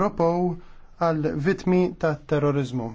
propow għal vitmi ta' terrorizmu.